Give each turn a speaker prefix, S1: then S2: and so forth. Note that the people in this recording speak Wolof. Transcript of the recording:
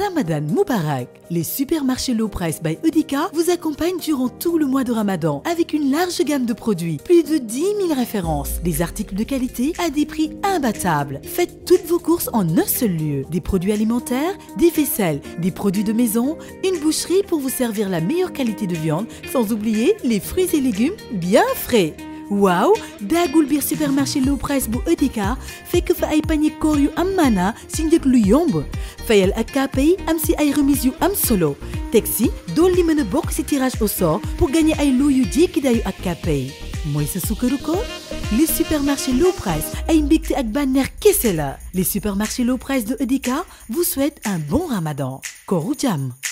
S1: Ramadan Moubarak. Les supermarchés Low Price by Eudika vous accompagnent durant tout le mois de Ramadan avec une large gamme de produits, plus de 10 000 références, des articles de qualité à des prix imbattables. Faites toutes vos courses en un seul lieu. Des produits alimentaires, des vaisselles, des produits de maison, une boucherie pour vous servir la meilleure qualité de viande, sans oublier les fruits et légumes bien frais. waaw daagul biir supermarché low price bu EDK fekk fa ay panier koor yu am maanaa si njëg lu yomb fayal ak kàppay am si ay remise yu am solo teg si dool li mën a bokk si tirage au sort pour gagner ay lot yu jékki dayu ak kàppay mooy su sukkaru koor les supermarchés low ay mbégte ak bànneex kese la les supermarchés low price de EDK vous souhaitent un bon ramadan kooru jàmm